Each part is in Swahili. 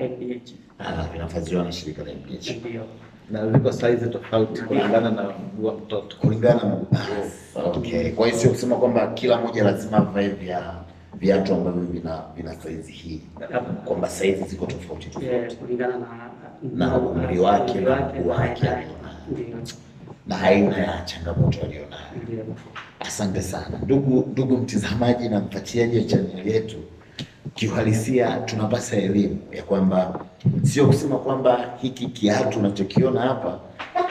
NBH. Ah, vinafadhiliwa na shirika la NBH. Ndio. Na viko size tofauti kulingana na mguu wa mtoto. Kulingana na mguu. Okay. Kwa hiyo sio kusema kwamba kila mmoja lazima vae vya viatu ambavyo vina vina size hii. Kwamba size ziko tofauti eh, tofauti. Kulingana na na umri wake na mguu wake. Na aina ya changamoto aliyonayo. Asante sana. Ndugu ndugu mtizamaji na mfuatiliaji wa chaneli yetu kiuhalisia tunapasa elimu ya kwamba sio kusema kwamba hiki kiatu unachokiona hapa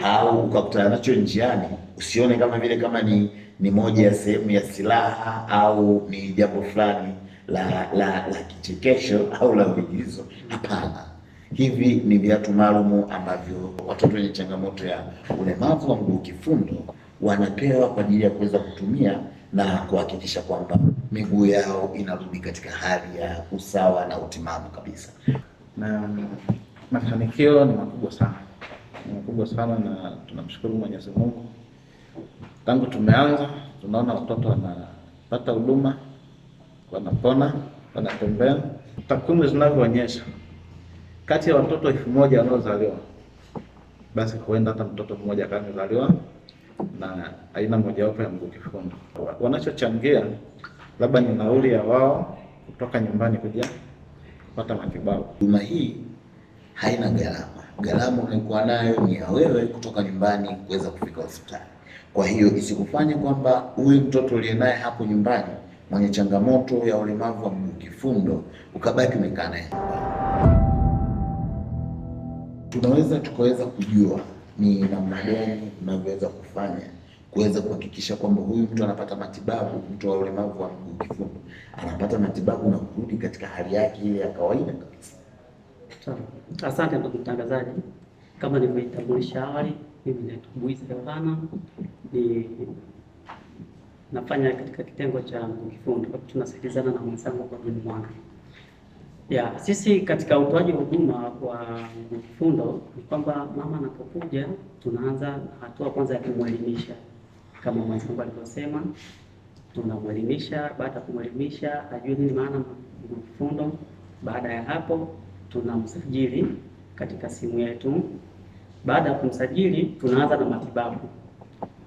au ukakutana nacho njiani usione kama vile kama ni ni moja ya sehemu ya silaha au ni jambo fulani la la la kichekesho au la uigizo. Hapana, hivi ni viatu maalum ambavyo watoto wenye changamoto ya ulemavu wa mguu kifundo wanapewa kwa ajili ya kuweza kutumia na kuhakikisha kwamba miguu yao inarudi katika hali ya usawa na utimamu kabisa. Na mafanikio ni makubwa sana, ni makubwa sana, na tunamshukuru Mwenyezi Mungu. Tangu tumeanza tunaona watoto wanapata huduma, wanapona, wanatembea. Takwimu zinavyoonyesha kati ya watoto elfu moja wanaozaliwa basi huenda hata mtoto mmoja akamezaliwa na aina mojawapo ya mguu kifundo. Wanachochangia labda ni nauli ya wao kutoka nyumbani kuja kupata matibabu. Huduma hii haina gharama, gharama unayokuwa nayo ni ya wewe kutoka nyumbani kuweza kufika hospitali. Kwa hiyo isikufanye kwamba huyu mtoto uliye naye hapo nyumbani mwenye changamoto ya ulemavu wa mguu kifundo ukabaki umekaa naye, tunaweza tukaweza kujua ni namna gani unavyoweza kufanya kuweza kuhakikisha kwamba huyu mtu anapata matibabu, mtu wa ulemavu wa mguu kifundo anapata matibabu na kurudi katika hali yake ile ya kawaida kabisa. Asante ndugu mtangazaji, kama nimeitambulisha awali, mimi naitwa Buisa Yohana, ni nafanya katika kitengo cha mguu kifundo, tunasaidizana na mwenzangu kwa Mwanga. Ya, sisi katika utoaji huduma kwa Mfundo ni kwamba mama anapokuja tunaanza hatua kwanza ya kumwelimisha, kama mwenzangu alivyosema, tunamwelimisha. Baada ya kumwelimisha ajue nini maana Mfundo, baada ya hapo tunamsajili katika simu yetu. Baada ya kumsajili, tunaanza na matibabu.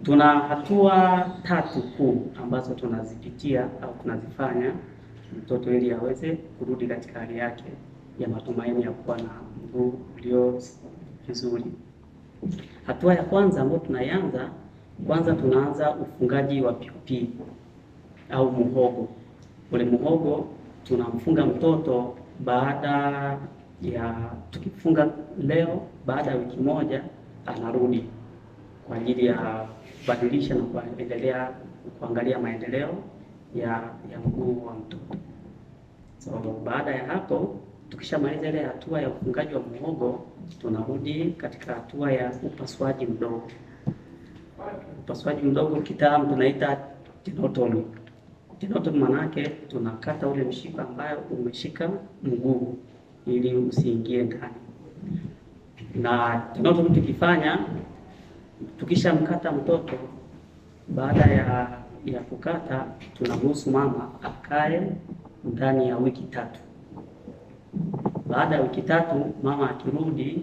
Tuna hatua tatu kuu ambazo tunazipitia au tunazifanya mtoto ili aweze kurudi katika hali yake ya matumaini ya kuwa na mguu ulio vizuri. Hatua ya kwanza ambayo tunaianza kwanza, tunaanza ufungaji wa pipi au muhogo. Ule muhogo tunamfunga mtoto baada ya, tukifunga leo, baada ya wiki moja anarudi kwa ajili ya kubadilisha na kuendelea kuangalia maendeleo ya ya mguu wa mtoto. So, baada ya hapo tukishamaliza ile hatua ya ufungaji wa muhogo, tunarudi katika hatua ya upasuaji mdogo. Upasuaji mdogo kitaalamu tunaita tenotomy. Tenotomy manake tunakata ule mshipa ambayo umeshika mguu ili usiingie ndani, na tenotomy tukifanya, tukishamkata mtoto baada ya ya kukata tunamruhusu mama akae ndani ya wiki tatu. Baada ya wiki tatu mama akirudi,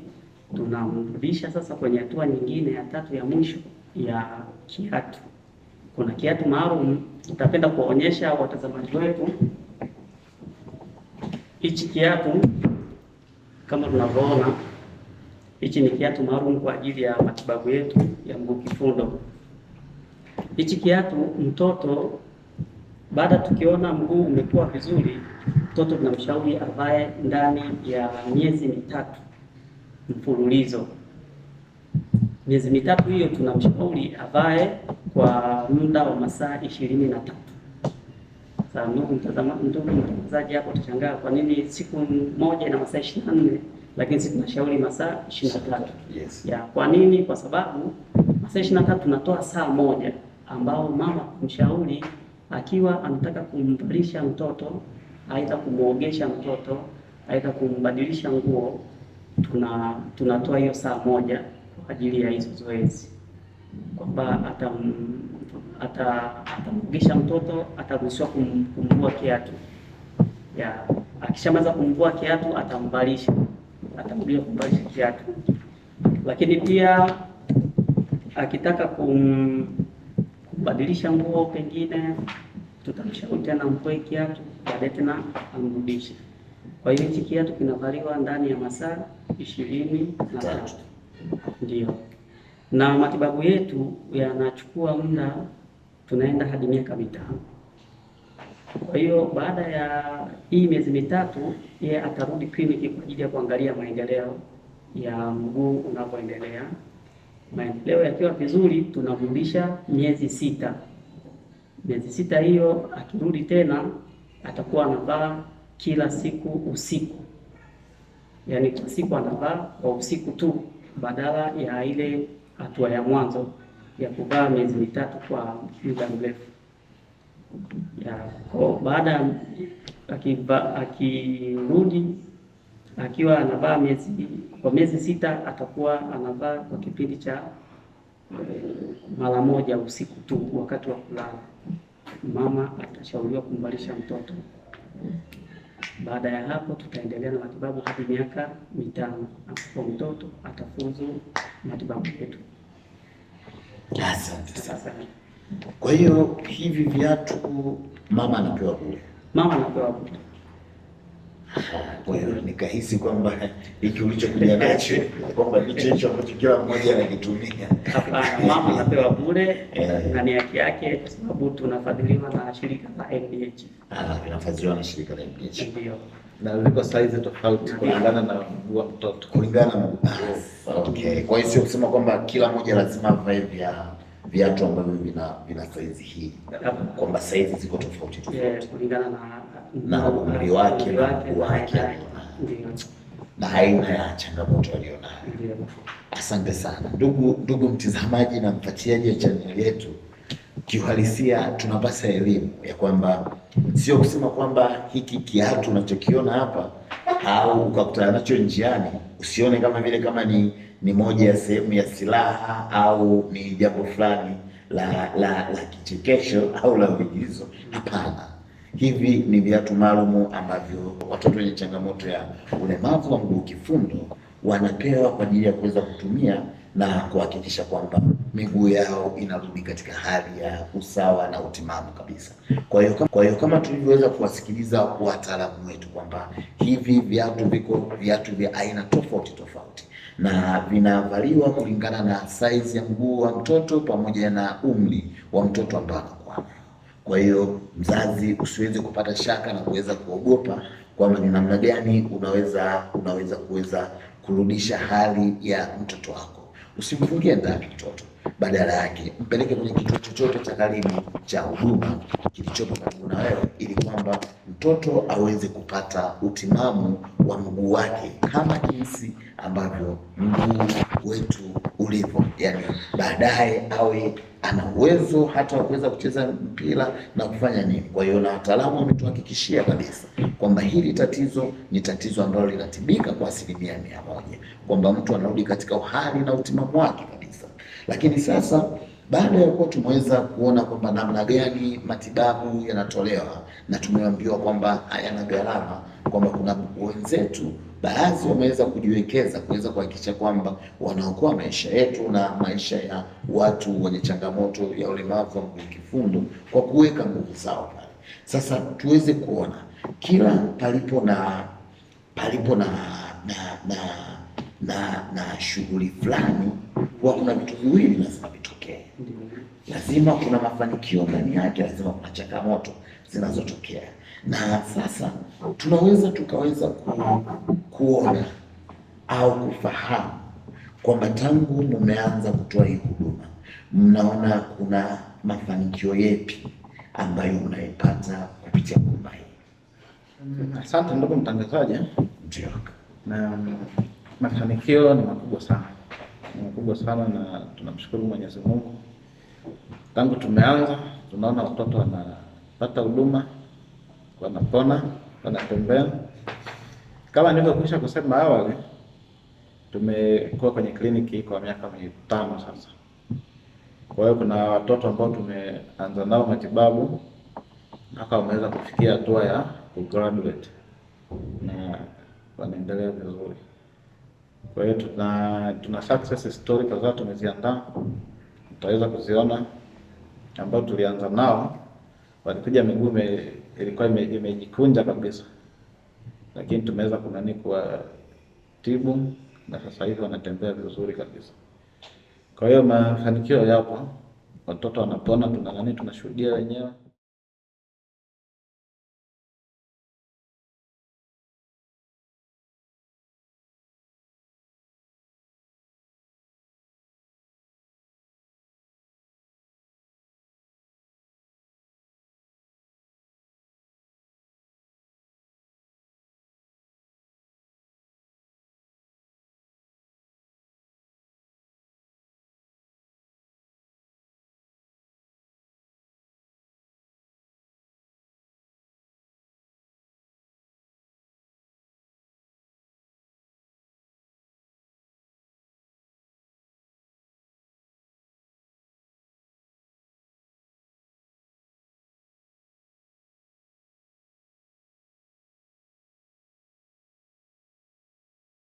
tunamrudisha sasa kwenye hatua nyingine ya tatu ya mwisho ya kiatu. Kuna kiatu maalum tutapenda kuwaonyesha watazamaji wetu. Hichi kiatu kama tunavyoona, hichi ni kiatu maalum kwa ajili ya matibabu yetu ya mguu kifundo. Hichi kiatu mtoto, baada tukiona mguu umekuwa vizuri, mtoto tunamshauri avae ndani ya miezi mitatu mfululizo. Miezi mitatu hiyo tunamshauri avae kwa muda wa masaa ishirini na tatu. Sasa ndugu mtazamaji, hapo utashangaa kwa nini siku moja na masaa ishirini na nne lakini sisi tunashauri masaa ishirini na tatu. Yes. Ya, kwa nini? Kwa sababu masaa ishirini na tatu tunatoa saa moja ambao mama kumshauri akiwa anataka kumvalisha mtoto, aidha kumwogesha mtoto, aidha kumbadilisha nguo, tuna tunatoa hiyo saa moja kwa ajili ya hizo zoezi, kwamba atamuogesha ata mtoto, ataruhusiwa kum, kumvua kiatu ya akishamaliza kumvua kiatu atambalisha, atamwambia kumvalisha kiatu, lakini pia akitaka kum kubadilisha nguo, pengine tutamshauri tena mkoe kiatu, baadaye tena amrudishe. Kwa hiyo hichi kiatu kinavaliwa ndani ya masaa ishirini na tatu ndio, na matibabu yetu yanachukua muda, tunaenda hadi miaka mitano. Kwa hiyo baada ya hii miezi mitatu, yeye atarudi kliniki kwa ajili ya kuangalia maendeleo ya mguu unapoendelea Maendeleo yakiwa vizuri, tunamrudisha miezi sita. Miezi sita hiyo akirudi tena atakuwa anavaa kila siku usiku, yaani kwa siku anavaa kwa usiku tu, badala ya ile hatua ya mwanzo ya kuvaa miezi mitatu kwa muda mrefu. Baada akirudi akiwa anavaa miezi kwa miezi sita, atakuwa anavaa kwa kipindi cha e, mara moja usiku tu wakati wa kulala. Mama atashauriwa kumvalisha mtoto. Baada ya hapo, tutaendelea na matibabu hadi miaka mitano ambapo mtoto atafuzu matibabu yetu. Asante sana. Kwa hiyo hivi viatu mama anapewa bure, mama anapewa bure nikahisi kwamba hiki ulichokuja nacho kwamba ndicho hicho ambacho kila mmoja anakitumia. Hapana, mama anapewa bure eh. na ni haki yake, kwa sababu tunafadhiliwa na shirika la MDH. Ah, na shirika la MDH ndio na ziko size tofauti kulingana na mguu wa mtoto kulingana na Okay, kwa hiyo sio kusema kwamba kila mmoja lazima avae vya viatu ambavyo vina vina size hii, kwamba size ziko tofauti tofauti kulingana na na umri wake na mkuu wake na aina ya changamoto alionayo. Asante sana ndugu ndugu mtizamaji na mfuatiliaji wa chaneli yetu. Kiuhalisia tunapasa elimu ya kwamba sio kusema kwamba hiki kiatu unachokiona hapa au ukakutana nacho njiani usione kama vile kama ni, ni moja ya sehemu ya silaha au ni jambo fulani la, la, la kichekesho au la uigizo. Hapana. Hivi ni viatu maalum ambavyo watoto wenye changamoto ya ulemavu wa mguu kifundo wanapewa kwa ajili ya kuweza kutumia na kuhakikisha kwamba miguu yao inarudi katika hali ya usawa na utimamu kabisa. Kwa hiyo kwa hiyo kama tulivyoweza kuwasikiliza wataalamu wetu kwamba hivi viatu viko viatu vya aina tofauti tofauti na vinavaliwa kulingana na saizi ya mguu wa mtoto pamoja na umri wa mtoto ambao kwa hiyo mzazi, usiweze kupata shaka na kuweza kuogopa kwamba ni namna gani unaweza unaweza kuweza kurudisha hali ya mtoto wako. Usimfungie ndani mtoto, badala yake mpeleke kwenye kituo chochote cha karibu cha huduma kilichopo karibu na wewe, ili kwamba mtoto aweze kupata utimamu wa mguu wake kama jinsi ambavyo mguu wetu ulivyo, yani baadaye awe ana uwezo hata wa kuweza kucheza mpira na kufanya nini. Kwa hiyo na wataalamu wametuhakikishia kabisa kwamba hili tatizo ni tatizo ambalo linatibika kwa asilimia mia moja, kwamba mtu anarudi katika uhali na utimamu wake kabisa, lakini sasa baada ya kuwa tumeweza kuona kwamba namna gani matibabu yanatolewa na tumeambiwa kwamba hayana gharama, kwamba kuna wenzetu baadhi wameweza kujiwekeza kuweza kuhakikisha kwamba wanaokoa maisha yetu na maisha ya watu wenye changamoto ya ulemavu wa mguu kifundo kwa kuweka nguvu zao pale. Sasa tuweze kuona kila palipo na palipo na na na na, na shughuli fulani huwa kuna vitu viwili lazima yake, lazima kuna mafanikio ndani yake, lazima kuna changamoto zinazotokea. Na sasa tunaweza tukaweza ku, kuona au kufahamu kwamba tangu mumeanza kutoa hii huduma, mnaona kuna mafanikio yepi ambayo mnaipata kupitia huduma hii? Asante ndugu mtangazaji. Ndio, na mafanikio ni makubwa sana mkubwa sana, na tunamshukuru Mwenyezi Mungu, tangu tumeanza tunaona watoto wanapata huduma, wanapona, wanatembea. Kama nilivyokwisha kusema awali, tumekuwa kwenye kliniki hii kwa miaka mitano sasa. Kwa hiyo kuna watoto ambao tumeanza nao matibabu mpaka wameweza kufikia hatua ya kugraduate na wanaendelea vizuri. Kwa hiyo tuna tuna success story kadhaa tumeziandaa, tutaweza kuziona ambao tulianza nao walikuja miguu ilikuwa imejikunja kabisa, lakini tumeweza kunani tibu na sasa hivi wanatembea vizuri kabisa. Kwa hiyo mafanikio yapo, watoto wanapona, tuna nani tunashuhudia wenyewe.